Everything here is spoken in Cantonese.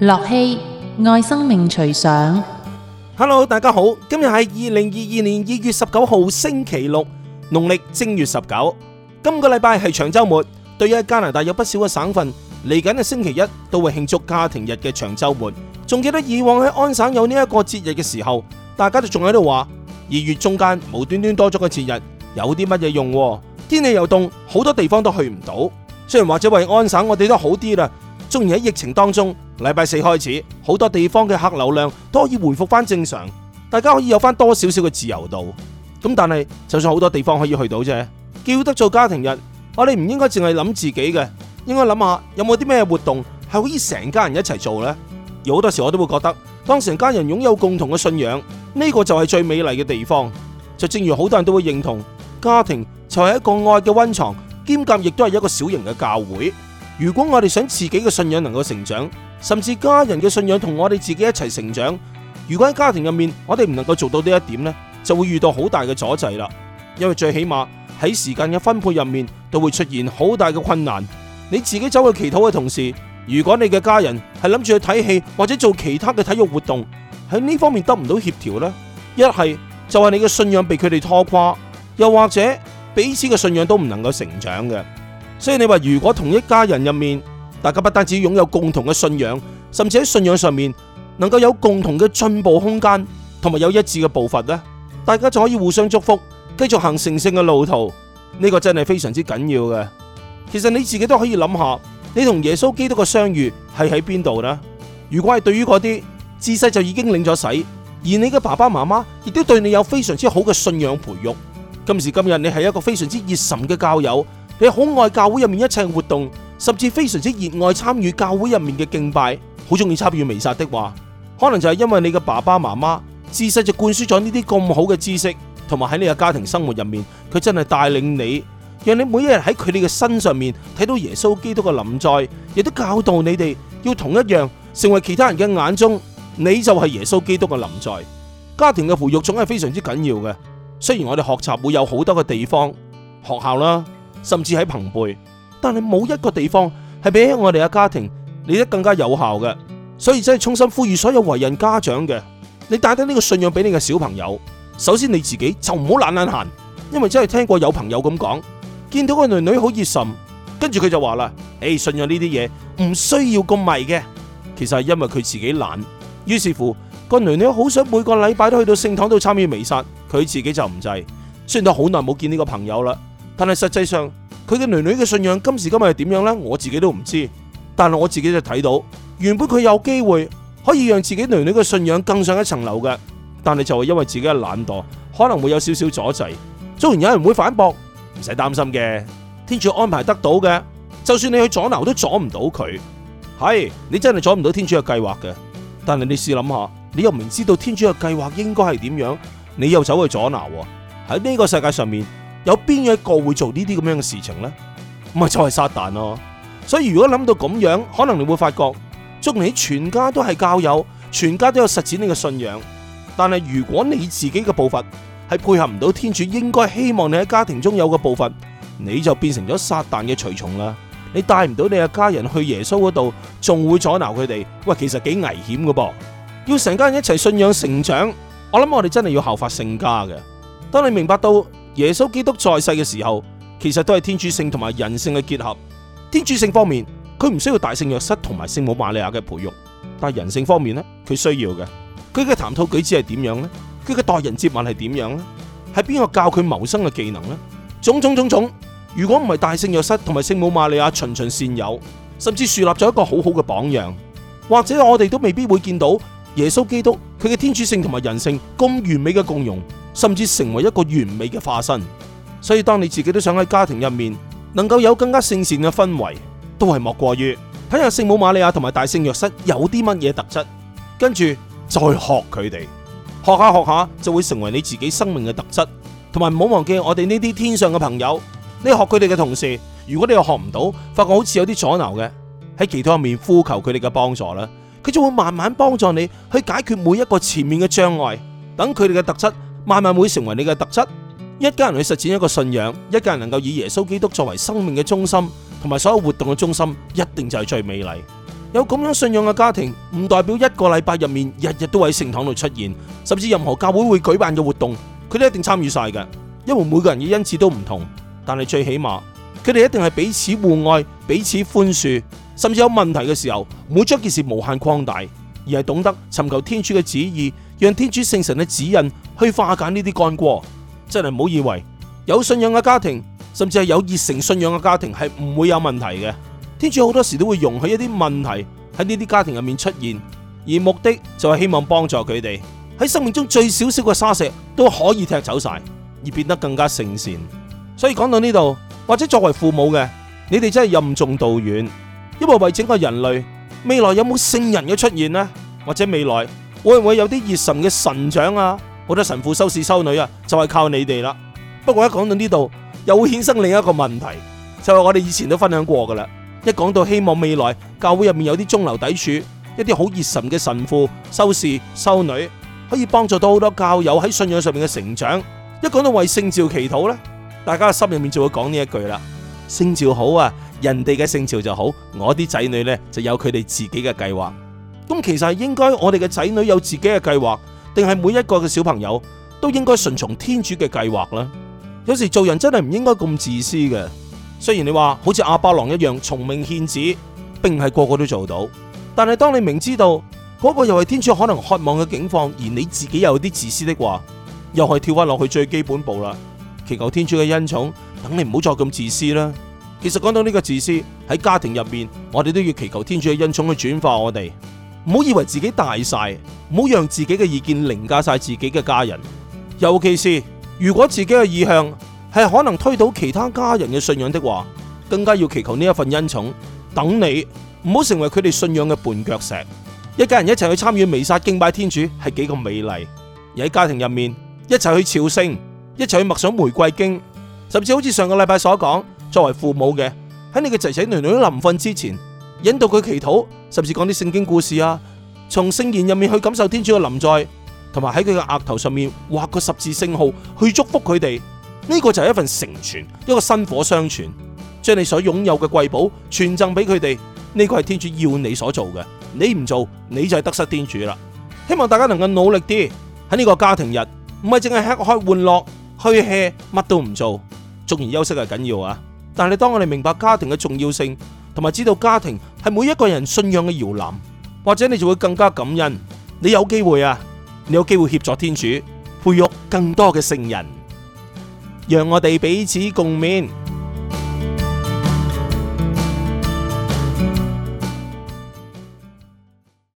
樂器愛生命隨想，Hello，大家好。今日係二零二二年二月十九號，星期六，農曆正月十九。今個禮拜係長周末，對於加拿大有不少嘅省份嚟緊嘅星期一都會慶祝家庭日嘅長周末。仲記得以往喺安省有呢一個節日嘅時候，大家都仲喺度話二月中間無端端多咗個節日，有啲乜嘢用？天氣又凍，好多地方都去唔到。雖然或者為安省，我哋都好啲啦。雖然喺疫情當中。禮拜四開始，好多地方嘅客流量都可以回復翻正常，大家可以有翻多少少嘅自由度。咁但係，就算好多地方可以去到啫，叫得做家庭日，我哋唔應該淨係諗自己嘅，應該諗下有冇啲咩活動係可以成家人一齊做呢？有好多時候我都會覺得，當成家人擁有共同嘅信仰，呢個就係最美麗嘅地方。就正如好多人都會認同，家庭就係一個愛嘅溫床，兼夾亦都係一個小型嘅教會。如果我哋想自己嘅信仰能夠成長，甚至家人嘅信仰同我哋自己一齊成長。如果喺家庭入面，我哋唔能夠做到呢一點咧，就會遇到好大嘅阻滯啦。因為最起碼喺時間嘅分配入面，都會出現好大嘅困難。你自己走去祈禱嘅同時，如果你嘅家人係諗住去睇戲或者做其他嘅體育活動，喺呢方面得唔到協調咧，一係就係你嘅信仰被佢哋拖垮，又或者彼此嘅信仰都唔能夠成長嘅。所以你話，如果同一家人入面，大家不單止擁有共同嘅信仰，甚至喺信仰上面能夠有共同嘅進步空間，同埋有一致嘅步伐咧，大家就可以互相祝福，繼續行成聖嘅路途。呢個真係非常之緊要嘅。其實你自己都可以諗下，你同耶穌基督嘅相遇係喺邊度呢？如果係對於嗰啲自細就已經領咗洗，而你嘅爸爸媽媽亦都對你有非常之好嘅信仰培育，今時今日你係一個非常之熱忱嘅教友，你好愛教會入面一切活動。甚至非常之熱愛參與教會入面嘅敬拜，好中意參與彌撒的話，可能就係因為你嘅爸爸媽媽自細就灌輸咗呢啲咁好嘅知識，同埋喺你嘅家庭生活入面，佢真係帶領你，讓你每一日喺佢哋嘅身上面睇到耶穌基督嘅臨在，亦都教導你哋要同一樣，成為其他人嘅眼中你就係耶穌基督嘅臨在。家庭嘅扶育總係非常之緊要嘅，雖然我哋學習會有好多嘅地方、學校啦，甚至喺朋輩。但係冇一個地方係比起我哋嘅家庭嚟得更加有效嘅，所以真係衷心呼籲所有為人家長嘅，你帶得呢個信仰俾你嘅小朋友，首先你自己就唔好懶懶閒，因為真係聽過有朋友咁講，見到個囡囡好熱心，跟住佢就話啦，誒，信仰呢啲嘢唔需要咁迷嘅，其實係因為佢自己懶，於是乎個囡囡好想每個禮拜都去到聖堂度參與彌撒，佢自己就唔制，雖然都好耐冇見呢個朋友啦，但係實際上。佢嘅囡囡嘅信仰今時今日係點樣呢？我自己都唔知，但係我自己就睇到，原本佢有機會可以讓自己囡囡嘅信仰更上一層樓嘅，但係就係因為自己嘅懶惰，可能會有少少阻滯。雖然有人會反駁，唔使擔心嘅，天主安排得到嘅，就算你去阻撓都阻唔到佢。係你真係阻唔到天主嘅計劃嘅，但係你試諗下，你又唔知道天主嘅計劃應該係點樣，你又走去阻撓喎？喺呢個世界上面。有邊一個會做呢啲咁樣嘅事情呢？咪就係撒旦咯。所以如果諗到咁樣，可能你會發覺祝你全家都係教友，全家都有實踐你嘅信仰。但係如果你自己嘅步伐係配合唔到天主，應該希望你喺家庭中有嘅步伐，你就變成咗撒旦嘅隨從啦。你帶唔到你嘅家人去耶穌嗰度，仲會阻撓佢哋。喂，其實幾危險㗎噃，要成家人一齊信仰成長。我諗我哋真係要效法聖家嘅。當你明白到。耶穌基督在世嘅時候，其實都係天主性同埋人性嘅結合。天主性方面，佢唔需要大聖若瑟同埋聖母瑪利亞嘅培育，但係人性方面呢，佢需要嘅。佢嘅談吐舉止係點樣呢？佢嘅待人接物係點樣呢？係邊個教佢謀生嘅技能呢？種種種種，如果唔係大聖若瑟同埋聖母瑪利亞循循善誘，甚至樹立咗一個好好嘅榜樣，或者我哋都未必會見到耶穌基督佢嘅天主性同埋人性咁完美嘅共融。甚至成為一個完美嘅化身，所以當你自己都想喺家庭入面能夠有更加聖善嘅氛圍，都係莫過於睇下聖母瑪利亞同埋大聖若瑟有啲乜嘢特質，跟住再學佢哋，學下學下就會成為你自己生命嘅特質。同埋唔好忘記我哋呢啲天上嘅朋友，你學佢哋嘅同時，如果你又學唔到，發覺好似有啲阻撓嘅，喺祈禱入面呼求佢哋嘅幫助啦，佢就會慢慢幫助你去解決每一個前面嘅障礙，等佢哋嘅特質，慢慢會成為你嘅特質，一家人去實踐一個信仰，一家人能夠以耶穌基督作為生命嘅中心，同埋所有活動嘅中心，一定就係最美麗。有咁樣信仰嘅家庭，唔代表一個禮拜入面日日都會喺聖堂度出現，甚至任何教會會舉辦嘅活動，佢哋都一定參與晒嘅。因為每個人嘅恩賜都唔同，但係最起碼佢哋一定係彼此互愛、彼此寬恕，甚至有問題嘅時候，唔會將件事無限擴大，而係懂得尋求天主嘅旨意。讓天主聖神嘅指引去化解呢啲干戈，真係唔好以為有信仰嘅家庭，甚至係有熱誠信仰嘅家庭係唔會有問題嘅。天主好多時都會容許一啲問題喺呢啲家庭入面出現，而目的就係希望幫助佢哋喺生命中最少少嘅沙石都可以踢走晒，而變得更加聖善。所以講到呢度，或者作為父母嘅你哋真係任重道遠，因為為整個人類未來有冇聖人嘅出現呢？或者未來。會唔會有啲熱神嘅神長啊？好多神父、修士、修女啊，就係靠你哋啦。不過一講到呢度，又會衍生另一個問題，就係我哋以前都分享過噶啦。一講到希望未來教會入面有啲中流砥柱，一啲好熱神嘅神父、修士、修女，可以幫助到好多教友喺信仰上面嘅成長。一講到為聖召祈禱呢，大家心入面就會講呢一句啦：聖召好啊，人哋嘅聖召就好，我啲仔女呢，就有佢哋自己嘅計劃。咁其實係應該我哋嘅仔女有自己嘅計劃，定係每一個嘅小朋友都應該順從天主嘅計劃呢？有時做人真係唔應該咁自私嘅。雖然你話好似阿八郎一樣從命獻子，並唔係個個都做到，但係當你明知道嗰、那個又係天主可能渴望嘅境況，而你自己又有啲自私的話，又係跳翻落去最基本步啦。祈求天主嘅恩寵，等你唔好再咁自私啦。其實講到呢個自私喺家庭入面，我哋都要祈求天主嘅恩寵去轉化我哋。唔好以為自己大晒，唔好讓自己嘅意見凌駕晒自己嘅家人，尤其是如果自己嘅意向係可能推倒其他家人嘅信仰的話，更加要祈求呢一份恩寵，等你唔好成為佢哋信仰嘅絆腳石。一家人一齊去參與彌撒敬拜天主係幾咁美麗，而喺家庭入面一齊去朝聖，一齊去默想玫瑰經，甚至好似上個禮拜所講，作為父母嘅喺你嘅仔仔女女臨瞓之前。引導佢祈禱，甚至講啲聖經故事啊，從聖言入面去感受天主嘅臨在，同埋喺佢嘅額頭上面畫個十字聖號去祝福佢哋，呢個就係一份成全，一個薪火相傳，將你所擁有嘅瑰寶傳贈俾佢哋，呢個係天主要你所做嘅，你唔做你就係得失天主啦。希望大家能夠努力啲喺呢個家庭日，唔係淨係吃喝玩樂，去 hea 乜都唔做，縱然休息係緊要啊，但係當我哋明白家庭嘅重要性，同埋知道家庭。係每一個人信仰嘅搖籃，或者你就會更加感恩。你有機會啊，你有機會協助天主，培育更多嘅聖人，讓我哋彼此共勉。